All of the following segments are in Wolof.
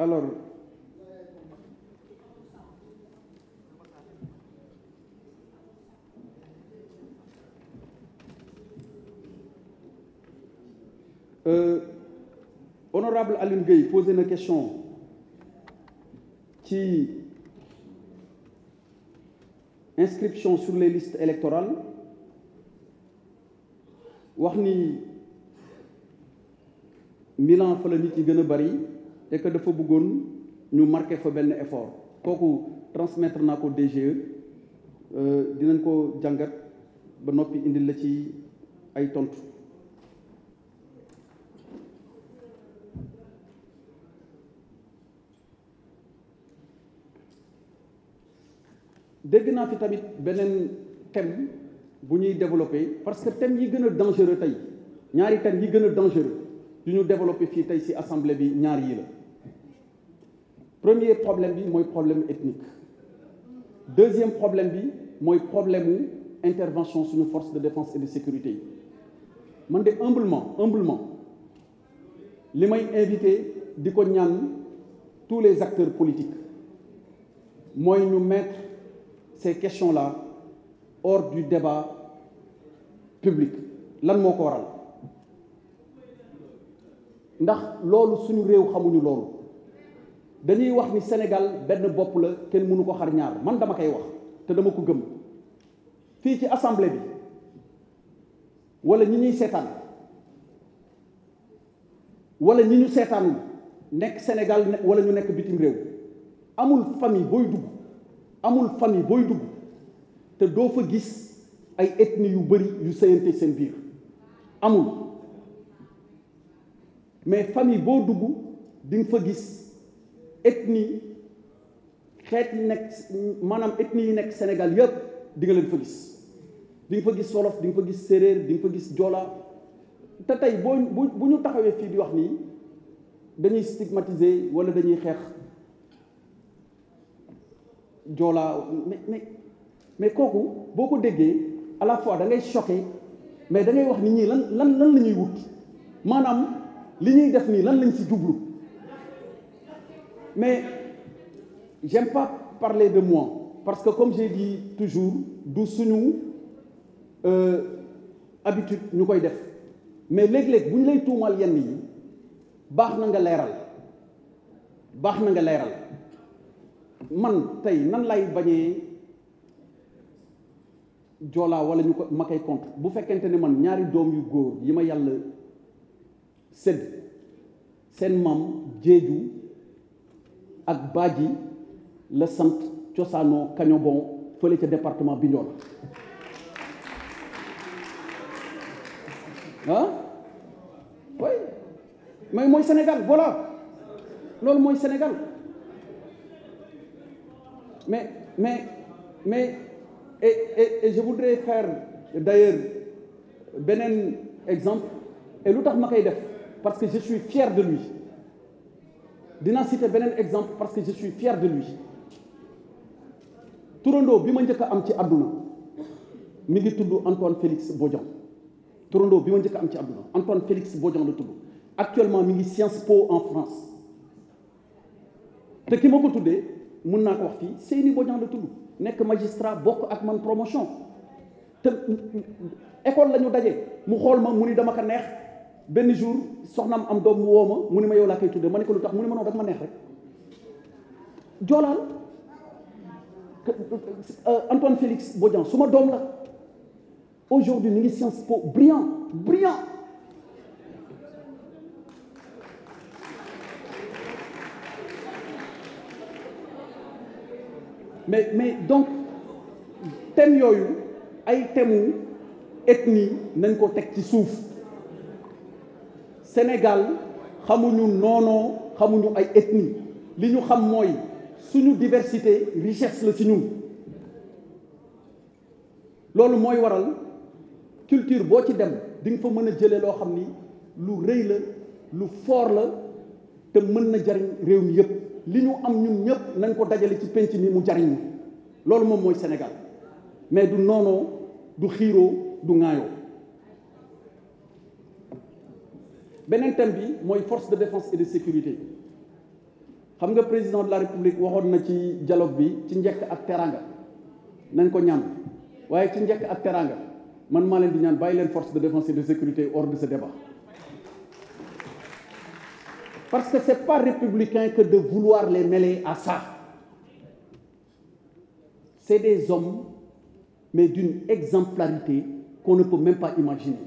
alors euh, honorable Aline Gueye posé na question ci inscription sur les listes électorales wax ni Milan fa la nit yi gën a bari et que dafa bëggoon ñu marqué fa benn effort kooku transmettre naa ko DGE euh, dinañ ko jàngat ba noppi indil la ci ay tontu. dégg naa fi tamit beneen thème bu ñuy développé parce que thème yi gën a dangereux tey ñaari thème yi gën a dangereux yu ñu développé fii tey ci assemblée bi ñaar yi la premier problème bi mooy problème ethnique deuxième problème bi mooy problème intervention suñu force de défense et de sécurité man de humblement humblement li may invité di ko ñaan tous les acteurs politiques mooy ñu mettre ces questions la hors du débat public lan moo ko waral ndax loolu suñu réew xamuñu loolu dañuy wax ni Sénégal benn bopp la kenn mënu ko xar ñaar man dama koy wax te dama ko gëm fii ci assemblée bi wala ñi ñuy seetaan wala ñi ñu seetaanul nekk Sénégal wala ñu nekk bitim réew amul famille booy dugg amul famille booy dugg te doo fa gis ay ethnie yu bari yu sëyante seen biir amul mais famille boo dugg di fa gis ethnie xeet yi nekk maanaam ethnie yi nekk Sénégal yëpp di leen fa gis di nga fa gis wolof di nga fa gis séeréer di nga fa gis joola te tey boo bu bu ñu taxawee fii di wax nii dañuy stigmatiser walla dañuy xeex joola mais kooku boo ko déggee alafois la fois da mais da wax nit ñi lan lan lan la ñuy wut maanaam li ñuy def nii lan lañ si jublu mais j'aime pas parler de moi parce que comme j'ai dit toujours du suñu euh, habitude ñu koy def mais léeg-léeg bu ñu lay tuumaal yenn yi baax na nga leeral baax na nga leeral man tey nan lay bañee joolaa wala ñu ko ma koy compte bu fekkente ne man ñaari doom yu góor yi ma yàlla sëdd seen maam jeeju ak Badji la sant cosaanoo Kañobon fële ca département Bignona ah oui mooy Sénégal voilà loolu mooy Sénégal mais mais mais et et et je voudrais faire d'ailleurs beneen exemple et lu tax ma koy def parce que je suis fier de lui dina citer beneen exemple parce que je suis fier de lui turandoo bi ma njëkk a am ci àdduna mu ngi tudd Antoine Félix Bodian turandoo bi ma njëkk am ci àdduna Antoine Félix Bodian la tudd actuellement mi ngi Sciences Po en France te ki ma ko tuddee mun naa ko wax fii Seyni Bodian la tudd nekk magistrat bokk ak man promotion te école lañu ñu mu xool ma mu ni dama ko neex. benn jour soxnaam am doom woo ma mu ne ma yow laa koy tuddee ma ne lu tax mu ne ma non ma neex rek joolaal euh, Antoine Félix Bodian su ma doom la aujourd'hui mi ngi Sciences Po brillant brillant mais mais donc thème yooyu ay thème ethnie nañ koo teg ci suuf Sénégal xamuñu noonoo xamuñu ay ethnie li ñu xam mooy suñu diversité richesse la ci ñun loolu mooy waral culture boo ci dem di nga fa mën a jëlee loo xam ni lu rëy la lu foor la te mën na jariñ réew mi yëpp li ñu am ñun ñëpp nañ ko dajale ci penc mi mu jariñ loolu moom mooy Sénégal mais du noonoo du xiiroo du ŋaayoo beneen thème bi mooy force de défense et de sécurité xam nga président de la république waxoon na ci dialogue bi ci njëkk ak teranga nañ ko ñaan waaye ci njëkk ak teranga man maa leen di ñaan bàyyi leen force de défense et de sécurité hors de ce débat parce que c'est pas républicain que de vouloir les mêler à ça c'est des hommes mais d'une exemplarité qu'on ne peut même pas imaginer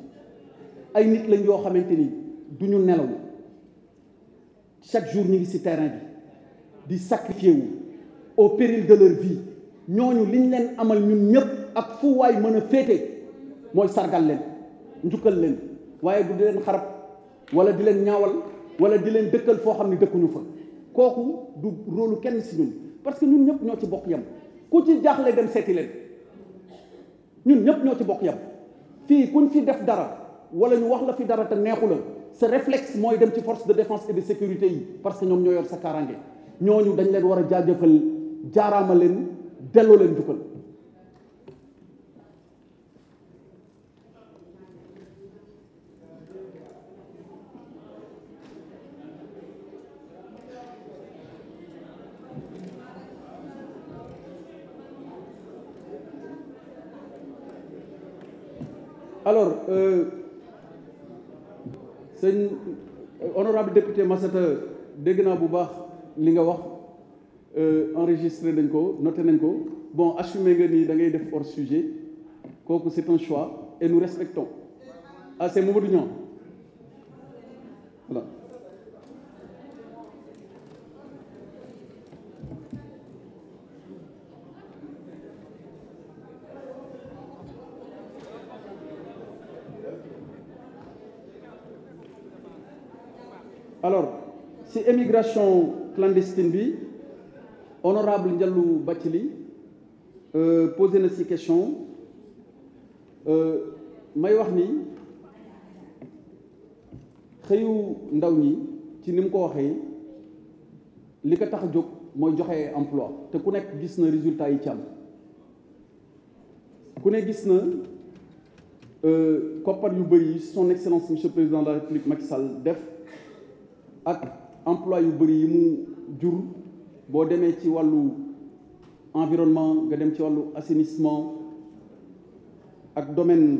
ay nit lañ yoo xamante ni du ñu nelaw chaque jour ñu ngi ci terrain bi di sacrifié wu au péril de leur vie ñooñu liñ leen amal ñun ñëpp ak fu waay mën a féete mooy sargal leen njukkal leen waaye du di leen xarab wala di leen ñaawal wala di leen dëkkal foo xam ne dëkkuñu fa kooku du rôlu kenn si ñun parce que ñun ñëpp ñoo ci bokk yem ku ci jaaxle dem seeti leen ñun ñëpp ñoo ci bokk yem fii kuñ fi def dara wala ñu wax la fi dara te neexu la sa réflexe mooy dem ci force de défense et de sécurité yi parce que ñoom ñoo yor sa kaaraange ñooñu dañu leen war a jaajëfal jaaraama leen delloo leen jukkal alors euh, sëñ honorable député Massata dégg naa bu baax li nga wax euh, enregistré nañ ko noté nañ ko bon assumé nga nii da ngay def hors sujet kooku c'est un choix et nu respectons ah c'est Mamadou Niang voilà alors ci émigration clandestine bi honorable Ndiallo Bathily euh, posé na si question euh, may wax ni xëyu ndaw ñi ci ni mu ko waxee li ko tax a jóg mooy joxe emploi te ku nekk gis na résultat yi ci ku ne gis na euh, koppar yu bëri son excellence monsieur le président de la république Macky Sall def ak emploi yu bëri yi mu jur boo demee ci wàllu environnement nga dem ci wàllu assainissement ak domaine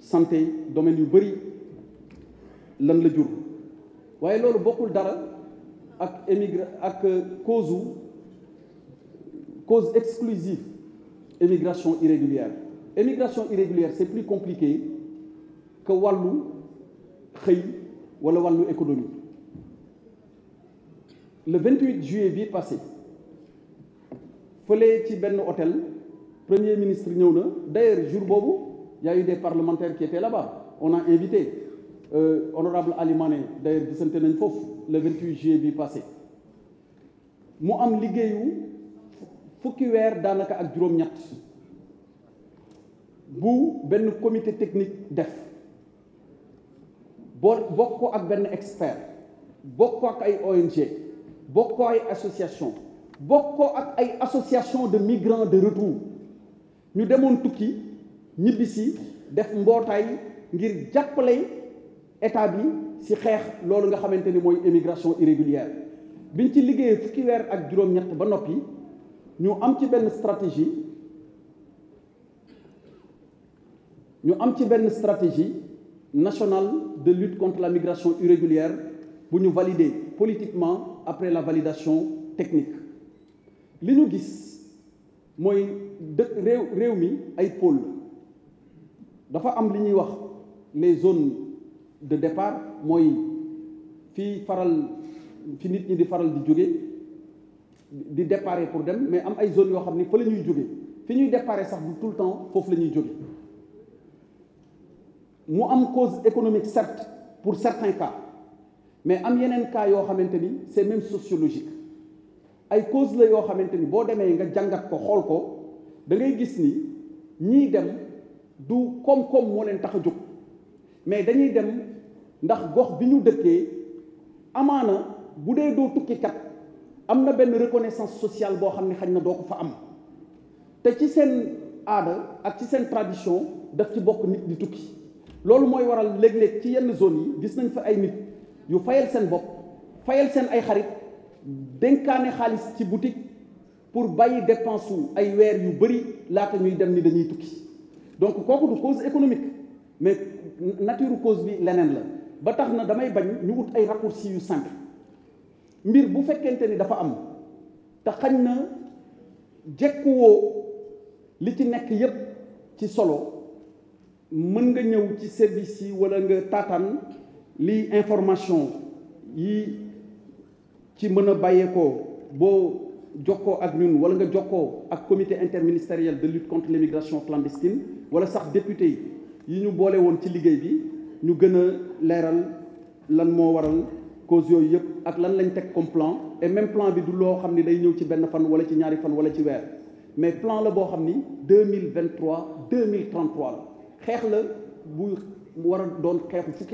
santé domaine yu bëri lan la jur waaye loolu bokkul dara ak émigra ak cause cause exclusive émigration irrégulière émigration irrégulière c'est plus compliqué que wàllu xëy walla wàllu économie le 28 juillet bii passé fële ci benn hôtel premier ministre ñëw na d'ailleurs jour boobu y a eu des parlementaires qui étaient là-bas on a invité euh, honorable Ali Mané d'ailleurs gisante nañ foofu le 28 juillet bii passé mu am liggéeyu fukki weer daanaka ak juróom-ñett bu benn comité technique def boo bokk ko ak benn expert bokk ko ak ay ONG bokkoo ay association bokkoo ak ay association de migrants de retour ñu demoon tukki ñibbisi def mbootaay ngir jàppale état bi ci xeex loolu nga xamante ni mooy émigration irrégulière biñ ci liggéeyee fukki weer ak juróom-ñett ba noppi ñu am ci benn stratégie ñu am ci benn stratégie nationale de lutte contre la migration irrégulière bu ñu valider politiquement après la validation technique li ñu gis mooy dëkk réew réew mi ay pôle dafa am li ñuy wax les zones de départ mooy fii faral fi nit ñi di faral di jóge di déparé pour dem mais am ay zones yoo xam ni fa la ñuy jóge fi ñuy déparé sax bu tout le temps foofu la ñuy jóge mu am cause économique certes pour certains cas mais am yeneen cas yoo xamante ni c'est même sociologique ay cause la yoo xamante ni boo demee nga jàngat ko xool ko da ngay gis ni ñiy dem du koom-koom moo leen tax a jóg mais dañuy dem ndax gox bi ñu dëkkee amaana bu dee doo kat am na benn reconnaissance sociale boo xam ne xañ na doo ko fa am te ci seen aada ak ci seen tradition daf ci bokk nit di tukki loolu mooy waral léeg-léeg ci yenn zone yi gis nañ fa ay nit yu fayal seen bopp fayal seen ay xarit dénkaane xaalis ci boutique pour bàyyi dépense ay weer yu bëri laata ñuy dem ni dañuy tukki donc kooku du cause économique mais nature cause bi leneen la ba tax na damay bañ ñu ut ay raccourci yu simple mbir bu fekkente ni dafa am te xañ na jekkuwoo li ci nekk yépp ci solo mën nga ñëw ci service yi walla nga taataan lii information yi ci mën a bàyyeekoo boo jox jokkoo ak ñun wala nga jox jokkoo ak comité interministériel de lutte contre l'immigration clandestine wala sax député yi ñu boole woon ci liggéey bi ñu gën a leeral lan moo waral cause yooyu yëpp ak lan lañ teg comme plan et même plan bi du loo xam ni day ñëw ci benn fan wala ci ñaari fan wala ci weer mais plan la boo xam ni deux mille vingt trois mille trente trois xeex la bu war a doon xeexu fukki